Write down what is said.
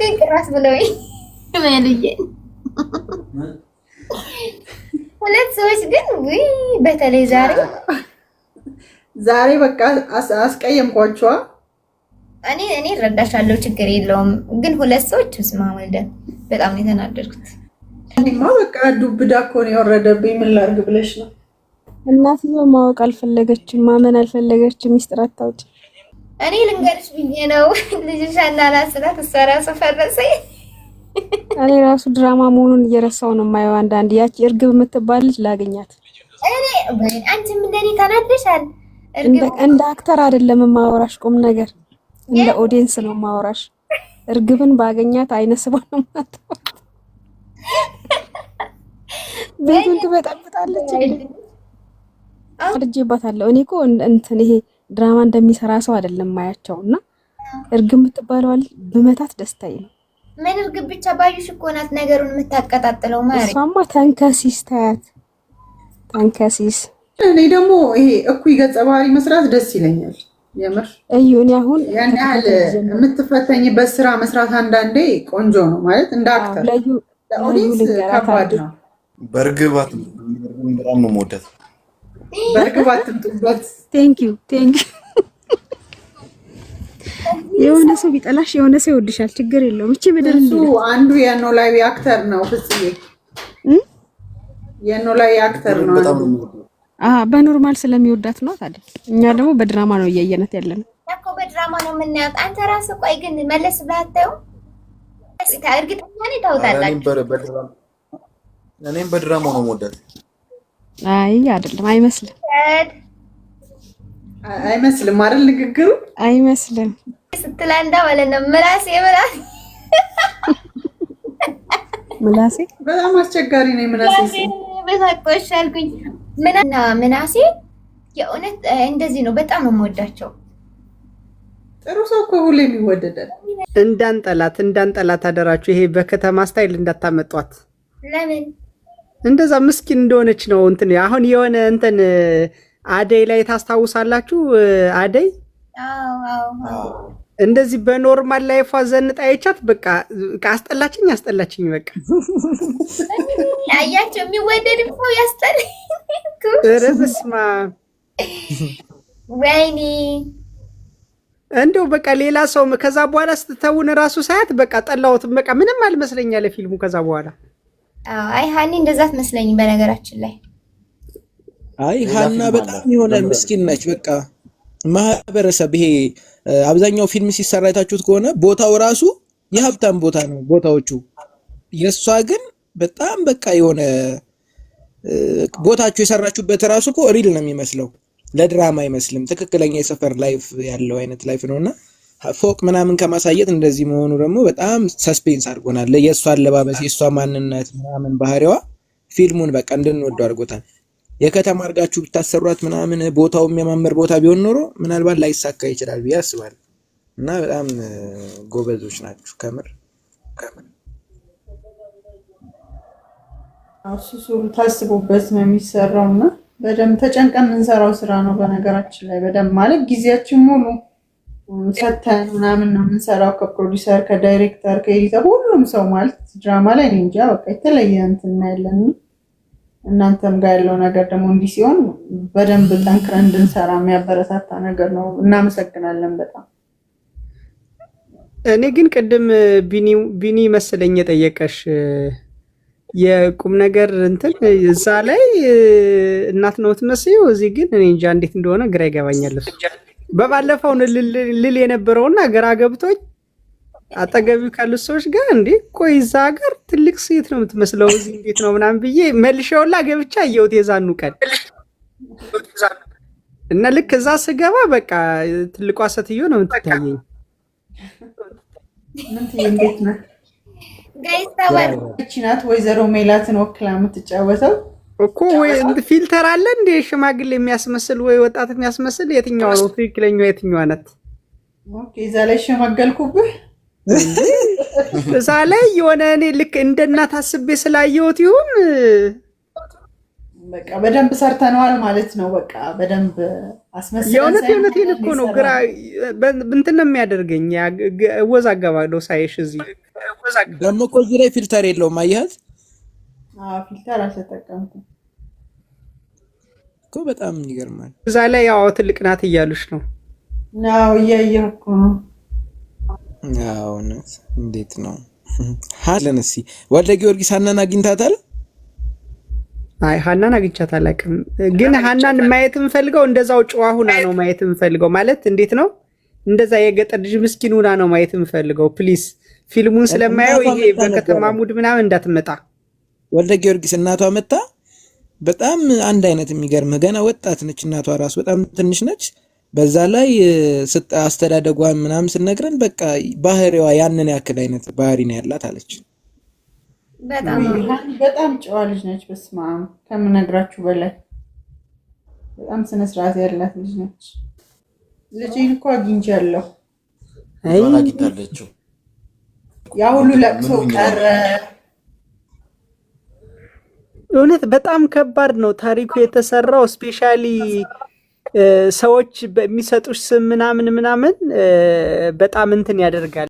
ግን ቅራስ ብለውኝ መልዬ ሁለት ሰዎች ግን ውይ፣ በተለይ ዛሬ ዛሬ በቃ አስቀየምኳቸዋ። እኔ እኔ እረዳሻለሁ፣ ችግር የለውም። ግን ሁለት ሰዎች ስማ ወልደ፣ በጣም ነው የተናደድኩት። እኔማ በቃ ዱብዳ እኮ ነው የወረደብኝ። ምን ላድርግ ብለሽ ነው። እናትየው ማወቅ አልፈለገችም፣ ማመን አልፈለገችም። ሚስጥር አታውጭ እኔ ልንገርሽ ብዬ ነው ልጅሽ አናና ስላት እሷ እራሱ ፈረሰ። እኔ ራሱ ድራማ መሆኑን እየረሳው ነው የማየው። አንዳንድ ያቺ እርግብ የምትባል ልጅ ላገኛት እኔ አንቺም እንደኔ ተናደሻል። እንደ አክተር አይደለም የማወራሽ ቁም ነገር እንደ ኦዲየንስ ነው የማወራሽ። እርግብን ባገኛት አይነ ስባ ነው የማትባት። ቤቱን ትበጠብጣለች። አድጄባታለሁ እኔ እኮ እንትን ይሄ ድራማ እንደሚሰራ ሰው አይደለም ማያቸው እና እርግብ የምትባለዋል ብመታት ደስታዬ ነው። ምን እርግብ ብቻ ባዩሽ እኮ ናት ነገሩን የምታቀጣጥለው። ማለት እሷማ ተንከሲስ ታያት ተንከሲስ። እኔ ደግሞ ይሄ እኩይ ገጸ ባህሪ መስራት ደስ ይለኛል። የምር እዩን አሁን ያን ያህል የምትፈተኝበት ስራ መስራት አንዳንዴ ቆንጆ ነው ማለት እንደ አክተር ለዩ ለኦዲንስ ከባድ ነው። በእርግባት ነው በጣም ነው መውደት በርግብ የሆነ ሰው ቢጠላሽ የሆነ ሰው ይወድሻል። ችግር የለውም። እቺ ምድር አንዱ አክተር ነው ፍጽዬ አክተር ነው። በኖርማል ስለሚወዳት ነው። ታዲያ እኛ ደግሞ በድራማ ነው እያየነት ያለ ነው እኮ በድራማ ነው የምናያት። አንተ ራስህ ቆይ ግን መለስ ብለህ እርግጠኛ ነኝ እኔም በድራማ ነው የምወዳት አይ አይደለም፣ አይመስልም፣ አይመስልም አይደል? ንግግሩ አይመስልም ስትላንዳ ማለት ነው። ምላሴ ምላሴ ምላሴ በጣም አስቸጋሪ ነው። ምላሴ በሳቆሽ አልኩኝ። ምናና ምናሴ የእውነት እንደዚህ ነው። በጣም የምወዳቸው ጥሩ ሰው ከሁሌም ይወደዳል። እንዳንጠላት እንዳንጠላት አደራችሁ። ይሄ በከተማ ስታይል እንዳታመጧት። ለምን እንደዛ ምስኪን እንደሆነች ነው እንትን አሁን የሆነ እንትን አደይ ላይ ታስታውሳላችሁ? አደይ እንደዚህ በኖርማል ላይፏ ዘንጣ አይቻት፣ በቃ አስጠላችኝ አስጠላችኝ። በቃ ያያቸው የሚወደድ ሰው ያስጠላኝ። ርብስማ እንደው በቃ ሌላ ሰው ከዛ በኋላ ስትተውን እራሱ ሳያት በቃ ጠላሁት። በቃ ምንም አልመስለኛ ለፊልሙ ከዛ በኋላ አይ ሀኒ እንደዛ ትመስለኝ በነገራችን ላይ አይ ሀና በጣም የሆነ ምስኪን ነች። በቃ ማህበረሰብ ይሄ አብዛኛው ፊልም ሲሰራ የታችሁት ከሆነ ቦታው ራሱ የሀብታም ቦታ ነው ቦታዎቹ። የእሷ ግን በጣም በቃ የሆነ ቦታችሁ የሰራችሁበት ራሱ እኮ ሪል ነው የሚመስለው፣ ለድራማ አይመስልም። ትክክለኛ የሰፈር ላይፍ ያለው አይነት ላይፍ ነውና ፎቅ ምናምን ከማሳየት እንደዚህ መሆኑ ደግሞ በጣም ሰስፔንስ አድርጎናል። የእሷ አለባበስ፣ የእሷ ማንነት ምናምን ባህሪዋ ፊልሙን በቃ እንድንወደው አድርጎታል። የከተማ አድርጋችሁ ብታሰሯት ምናምን ቦታው የሚያማምር ቦታ ቢሆን ኖሮ ምናልባት ላይሳካ ይችላል ብዬ አስባለሁ። እና በጣም ጎበዞች ናችሁ ከምር ከምር እሱ ታስቦበት ነው የሚሰራው እና በደንብ ተጨንቀን የምንሰራው ስራ ነው። በነገራችን ላይ በደንብ ማለት ጊዜያችን ሙሉ ሰተን ምናምን ነው የምንሰራው ከፕሮዲሰር ከዳይሬክተር ከኤዲተር ሁሉም ሰው ማለት ድራማ ላይ እንጃ በቃ የተለየ እንትን እናያለን። እናንተም ጋር ያለው ነገር ደግሞ እንዲህ ሲሆን በደንብ ጠንክረን እንድንሰራ የሚያበረታታ ነገር ነው። እናመሰግናለን በጣም። እኔ ግን ቅድም ቢኒ መሰለኝ የጠየቀሽ የቁም ነገር እንትን እዛ ላይ እናት ነው የምትመስይው፣ እዚህ ግን እኔ እንጃ እንዴት እንደሆነ ግራ ይገባኛል እሱ በባለፈው ልል የነበረውና ግራ ገብቶኝ አጠገቢ ካሉት ሰዎች ጋር እንዴ ቆይ እዛ ሀገር ትልቅ ሴት ነው የምትመስለው እዚህ እንዴት ነው ምናምን ብዬ መልሻውላ ገብቻ እየውት የዛኑ ቀን እና ልክ እዛ ስገባ በቃ ትልቋ ሴትዮ ነው የምትታየኝ። ናት ወይዘሮ ሜላትን ወክላ የምትጫወተው እኮ ወይ ፊልተር አለ እንደ ሽማግሌ የሚያስመስል ወይ ወጣት የሚያስመስል የትኛው ነው ትክክለኛው? የትኛዋ ናት? እዛ ላይ ሸማገልኩብህ። እዛ ላይ የሆነ እኔ ልክ እንደ እናት አስቤ ስላየሁት ይሁን በቃ በደንብ ሰርተነዋል ማለት ነው። በቃ በደንብ አስመስል። የእውነት የእውነቴን እኮ ነው። ግራ እንትን ነው የሚያደርገኝ። እወዛገባለሁ ሳይሽ እዚህ ደግሞ እኮ እዚህ ላይ ፊልተር የለውም አየኸት ፊልተር አልተጠቀምኩም እኮ በጣም ይገርማል። እዛ ላይ ያው ትልቅ ናት እያሉሽ ነው ነው እያየሁ ነው። እንዴት ነው ሀለን እሲ ወልደ ጊዮርጊስ ሀናን አግኝታታል? አይ ሀናን አግኝቻት አላውቅም፣ ግን ሀናን ማየት የምፈልገው እንደዛው ጨዋ ሁና ነው ማየት የምፈልገው። ማለት እንዴት ነው እንደዛ የገጠር ልጅ ምስኪን ሁና ነው ማየት የምፈልገው። ፕሊስ ፊልሙን ስለማየው ይሄ በከተማ ሙድ ምናምን እንዳትመጣ ወልደ ጊዮርጊስ እናቷ መታ በጣም አንድ አይነት የሚገርም ገና ወጣት ነች። እናቷ ራሱ በጣም ትንሽ ነች። በዛ ላይ አስተዳደጓ ምናምን ስነግረን በቃ ባህሪዋ ያንን ያክል አይነት ባህሪ ነው ያላት አለች። በጣም ጨዋ ልጅ ነች። በስመ አብ ከምነግራችሁ በላይ በጣም ስነስርዓት ያላት ልጅ ነች። ልጅ እኮ አግኝቻለሁ ያ ሁሉ ለቅሶ ቀረ እውነት በጣም ከባድ ነው ታሪኩ የተሰራው ስፔሻሊ ሰዎች በሚሰጡሽ ስም ምናምን ምናምን በጣም እንትን ያደርጋል።